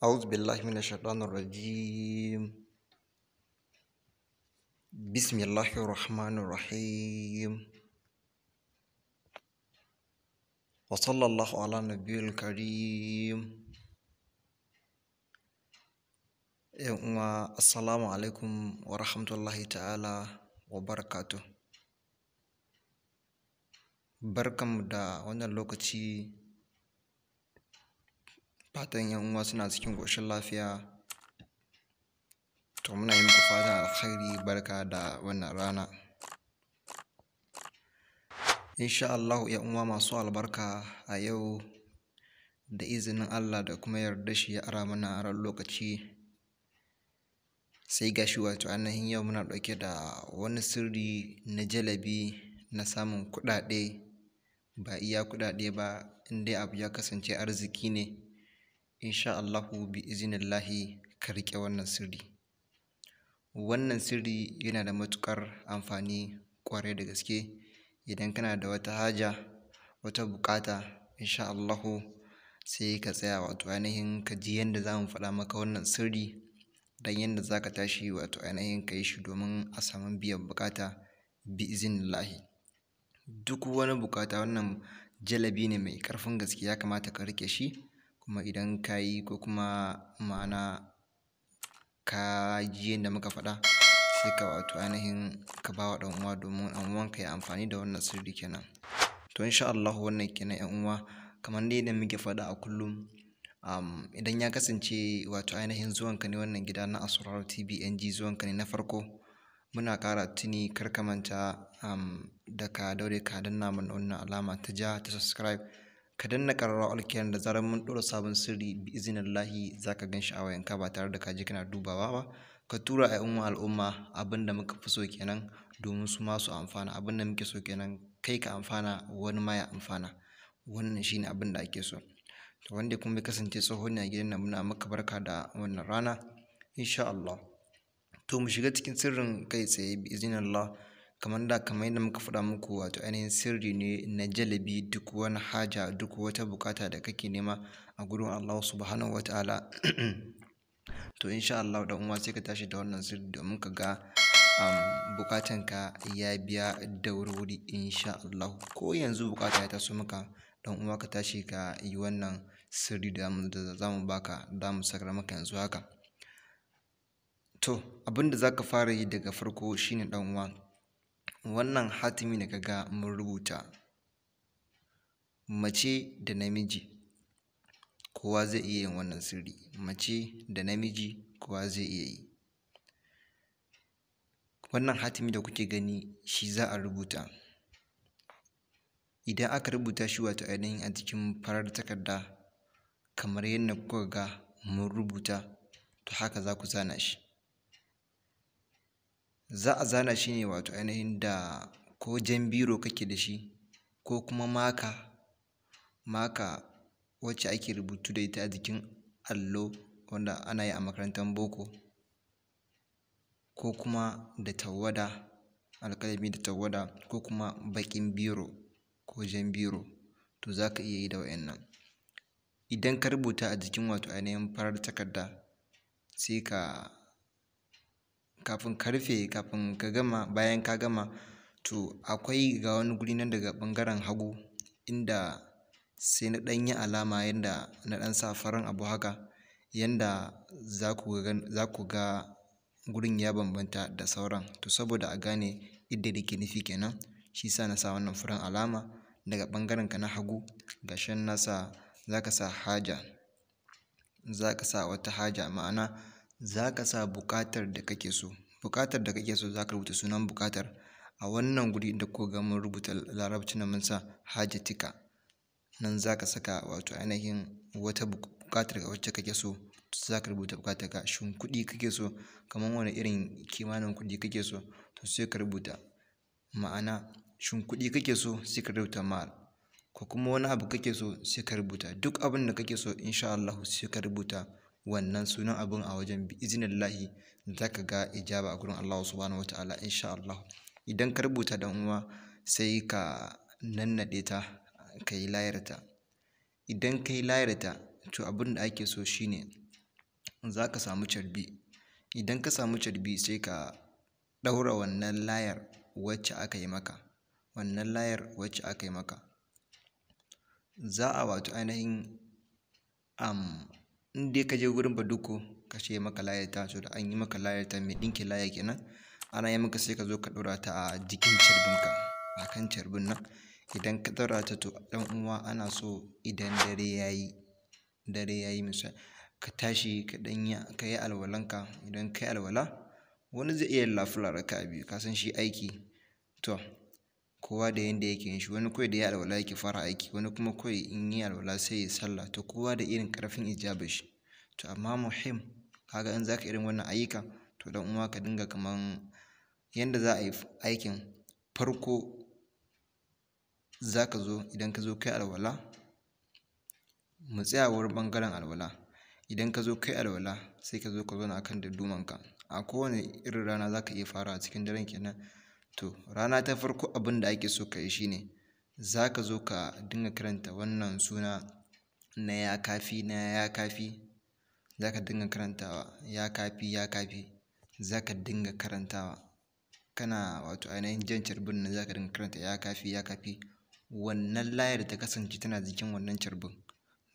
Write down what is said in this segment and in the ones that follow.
أعوذ بالله من الشيطان الرجيم بسم الله الرحمن الرحيم وصلى الله على النبي الكريم السلام عليكم ورحمة الله تعالى وبركاته بركم دا wannan lokaci fatan yan uwa suna cikin ƙoshin lafiya to muna yi muku fatan alkhairi barka da wannan rana insha Allah yan uwa masu albarka a yau da izinin Allah da kuma yarda shi ya ara mana a ran lokaci sai gashi wato annahin yau muna ɗauke da wani sirri na jalabi na samun kuɗaɗe ba iya kuɗaɗe ba in dai abu ya kasance arziki ne insha Allahu bi lahi ka riƙe wannan sirri wannan sirri yana da matuƙar amfani ƙwarai da gaske idan kana da wata haja wata buƙata insha Allahu sai ka tsaya wato ainihin ka ji yadda za mu faɗa maka wannan sirri don yadda za ka tashi wato ainihin ka yi shi domin a samu biyan buƙata bi iznillahi duk wani buƙata wannan jalabi ne mai ƙarfin gaske ya kamata ka riƙe shi kuma idan ka yi ko kuma ma'ana ka ji yadda muka faɗa sai ka wato ainihin ka ba wa ɗan uwa domin ɗan ka ya amfani da wannan sirri kenan to insha Allah wannan kenan ƴan uwa kamar dai da muke faɗa a kullum idan ya kasance wato ainihin zuwanka ne wannan gida na Asrar TV NG zuwanka ne na farko muna ƙara tuni kar ka manta da ka daure ka danna mana wannan alama ta ja ta subscribe ka danna ƙararrawa alkiyar da zarar mun ɗora sabon sirri bi izinin lahi za ka gan shi a wayanka ba tare da ka je kana dubawa ba ka tura a yan al'umma abin da muka fi so kenan domin su ma su amfana abin da muke so kenan kai ka amfana wani ma ya amfana wannan shine abin da ake so to wanda kuma bai kasance tsohon ne a gidan nan muna maka barka da wannan rana insha Allah to mu shiga cikin sirrin kai tsaye bi izinin Allah kamar da kamar yadda muka faɗa muku wato ainihin sirri ne na jalabi duk wani haja duk wata bukata da kake nema a gurin Allah subhanahu wataala to insha Allah dan uwa sai ka tashi da wannan sirri domin ka ga um, ka ya biya da wuri insha Allah ko yanzu bukata ya taso maka dan uwa ka tashi ka yi wannan sirri da za mu baka da mu sakar maka yanzu haka to abin da za ka fara yi daga farko shine dan uwa wannan hatimi da kaga mun rubuta mace da namiji kowa zai iya yin wannan sirri mace da namiji kowa zai iya yi wannan hatimi da kuke gani shi za a rubuta idan aka rubuta shi wato ainihin a cikin farar takarda kamar yadda kuka ga mun rubuta to haka za ku zana shi za a zana shi ne wato ainihin da ko jan biro kake da shi ko kuma maka maka wacce ake rubutu da ita a jikin allo wanda ana yi a makarantar boko ko kuma da tawada alkalami da tawada ko kuma baƙin biro ko jan biro to za ka iya yi da wa'innan idan ka rubuta a jikin wato ainihin farar takarda sai ka kafin ka rufe kafin ka gama bayan ka gama to akwai ga wani guri nan daga ɓangaren hagu inda sai na ɗan yi alama yanda na ɗan sa farin abu haka yanda za ku ga za gurin ya bambanta da sauran to saboda a gane inda ke nufi kenan shi sa na sa wannan farin alama daga ɓangaren ka na hagu gashin shan nasa za ka sa haja za ka sa wata haja ma'ana za ka sa buƙatar da kake so buƙatar da kake so za ka rubuta sunan buƙatar a wannan guri da kuka ga mun rubuta larabci na mun sa hajjatika nan za ka saka wato ainihin wata buƙatar wacce kake so za ka rubuta buƙatar ka shin kuɗi kake so kamar wani irin kimanin kuɗi kake so to sai ka rubuta ma'ana shin kuɗi kake so sai ka rubuta ma ko kuma wani abu kake so sai ka rubuta duk abin da kake so insha Allah sai ka rubuta wannan sunan abin a wajen da ta ka ga ijaba a gurin Allah subhanahu wataala insha Allah idan ka rubuta dan uwa sai ka nannade ta ka yi layarta idan ka yi layarta to abin da ake so shine za ka samu carbi idan ka samu carbi sai ka ɗaura wannan layar wacce aka yi maka wannan layar wacce aka yi maka za a wato ainihin um, in dai ka je wurin baduko ka ce maka layar ta so da an yi maka layar mai ɗinke laya kenan ana yi maka sai ka zo ka ɗora ta a jikin carbin ka a kan carbin nan idan ka ɗora ta to ɗan uwa ana so idan dare ya yi dare ya yi ka tashi ka ɗan yi ka yi alwalanka idan ka yi alwala wani zai iya yin lafula biyu ka san shi aiki to kowa da yanda yake yin shi wani kawai da ya alwala yake fara aiki wani kuma kawai in yi alwala sai ya sallah to kowa da irin ƙarfin ijabar shi to amma muhim kaga in zaka irin wannan ayyuka to dan uwa ka dinga kaman yanda za a yi aikin farko zaka zo idan ka zo kai alwala mu tsaya wurin ɓangaren alwala idan ka zo kai alwala sai ka zo ka zauna akan ka a kowane irin rana zaka iya farawa cikin daren kenan to rana ta farko abin da ake so ka yi shine za ka zo ka dinga karanta wannan suna na ya kafi na ya kafi za ka dinga karantawa ya kafi ya kafi za ka dinga karantawa kana wato ainihin jan carbin nan za ka dinga karanta ya kafi ya kafi wannan layar ta kasance tana jikin wannan carbin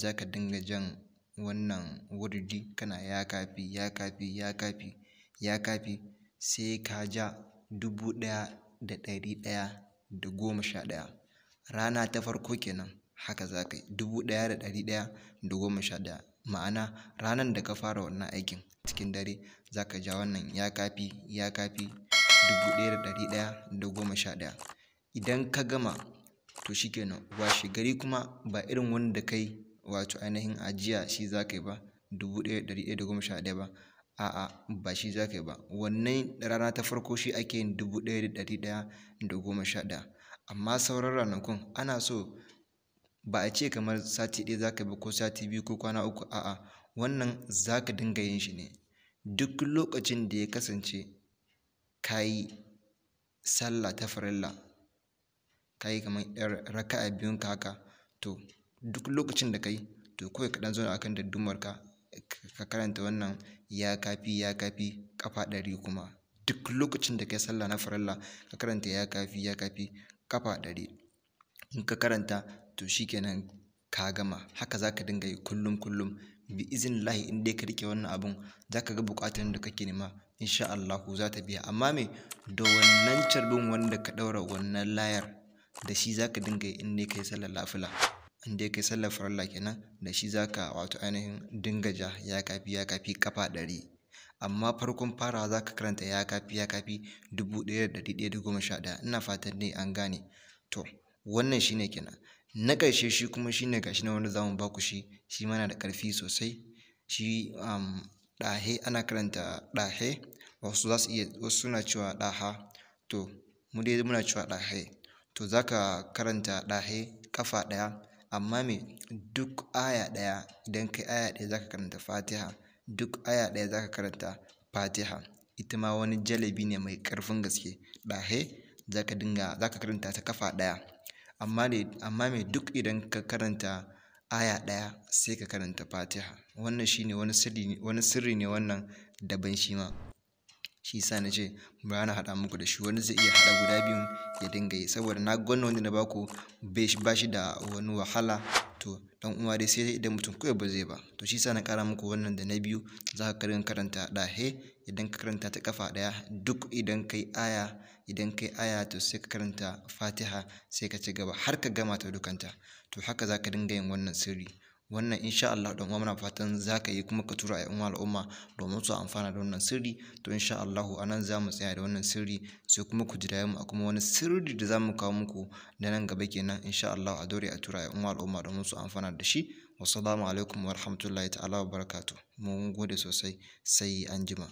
za ka dinga jan wannan wurdi kana ya kafi ya kafi ya kafi ya kafi sai ka ja dubu ɗaya da ɗari ɗaya da goma sha ɗaya rana ta farko kenan haka za ka yi dubu ɗaya da ɗari ɗaya da goma sha ɗaya ma'ana ranar da ka fara wannan aikin cikin dare za ka ja wannan ya kafi ya kafi dubu ɗaya da ɗari ɗaya da goma sha ɗaya idan ka gama to shikenan washe gari kuma ba irin wanda kai wato ainihin ajiya shi za ka yi ba dubu ɗaya da ɗari ɗaya da goma sha ɗaya ba a'a ba shi za ka yi ba wannan rana ta farko shi ake yin dubu ɗaya da ɗari ɗaya da goma sha ɗaya amma sauran ranakun ana so ba a ce kamar sati ɗaya za ka yi ba, ko sati biyu ko kwana uku a'a wannan za ka dinga yin shi ne duk lokacin da ya kasance ka yi sallah ta farilla ka yi kamar 'yar raka'a biyun kaka, haka to duk lokacin da ka yi to kawai ka ɗan zauna akan daddumarka ka karanta wannan ya kafi ya kafi ƙafa ɗari kuma duk lokacin da kai sallah na farilla ka karanta ya kafi ya kafi ƙafa ɗari in ka karanta to shikenan ka gama haka za ka dinga yi kullum kullum bi lahi in dai ka rike wannan abun za ka ga buƙatar da kake nema insha Allahu za ta biya amma me da wannan carbin wanda ka ɗaura wannan layar da shi za ka dinga yi in dai ka yi sallar lafila in dai kai sallar farilla kenan da shi za ka wato ainihin dinga ja ya kafi ya kafi ƙafa ɗari amma farkon fara za ka karanta ya kafi ya kafi dubu ɗaya da ɗari ɗaya da goma sha ɗaya ina fatan ne, an gane to wannan shi ne kenan na ƙarshe shi kuma shi ne gashi na wanda za mu ba ku shi shi ma da ƙarfi sosai shi um, ɗahe ana karanta ɗahe wasu za su iya wasu suna cewa ɗaha to mu dai muna cewa ɗahe to za ka karanta ɗahe ƙafa ɗaya Amma me duk aya ɗaya idan kai aya ɗaya za karanta Fatiha. Duk aya ɗaya zaka karanta Fatiha. Ita ma wani jalabi ne mai ƙarfin gaske. Ɗahe za ka dinga za karanta ta kafa ɗaya. Amma me duk idan ka karanta aya ɗaya sai ka karanta Fatiha. Wannan shi ne wani sirri ne wannan daban shi ma. shi sa na ce ba na haɗa muku da shi wani zai iya hada guda biyun ya dinga yi saboda na ga wannan na baku ba shi da wani wahala to dan uwa dai sai idan mutum kawai ba zai ba to shi sa na kara muku wannan da na biyu za ka karanta da he idan ka karanta ta kafa ɗaya duk idan kai aya idan kai aya to sai ka karanta fatiha sai ka ci gaba har ka gama ta dukanta to haka za ka dinga yin wannan sirri wannan insha Allah dan uwa muna fatan zaka yi kuma ka tura ayyan al'umma domin su amfana da wannan sirri to insha Allah za mu tsaya da wannan sirri sai kuma ku jira mu a kuma wani sirri da za mu kawo muku da nan gaba kenan insha Allah a dore a tura ayyan al'umma domin su amfana da shi salamu alaikum wa rahmatullahi ta'ala wa barakatuh mun gode sosai sai anjima